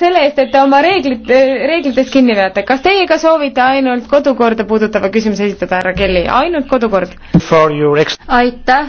selle eest, et te oma reeglid, reeglitest kinni peate. kas teie ka soovite ainult kodukorda puudutava küsimuse esitada, härra Kelly, ainult kodukord? aitäh!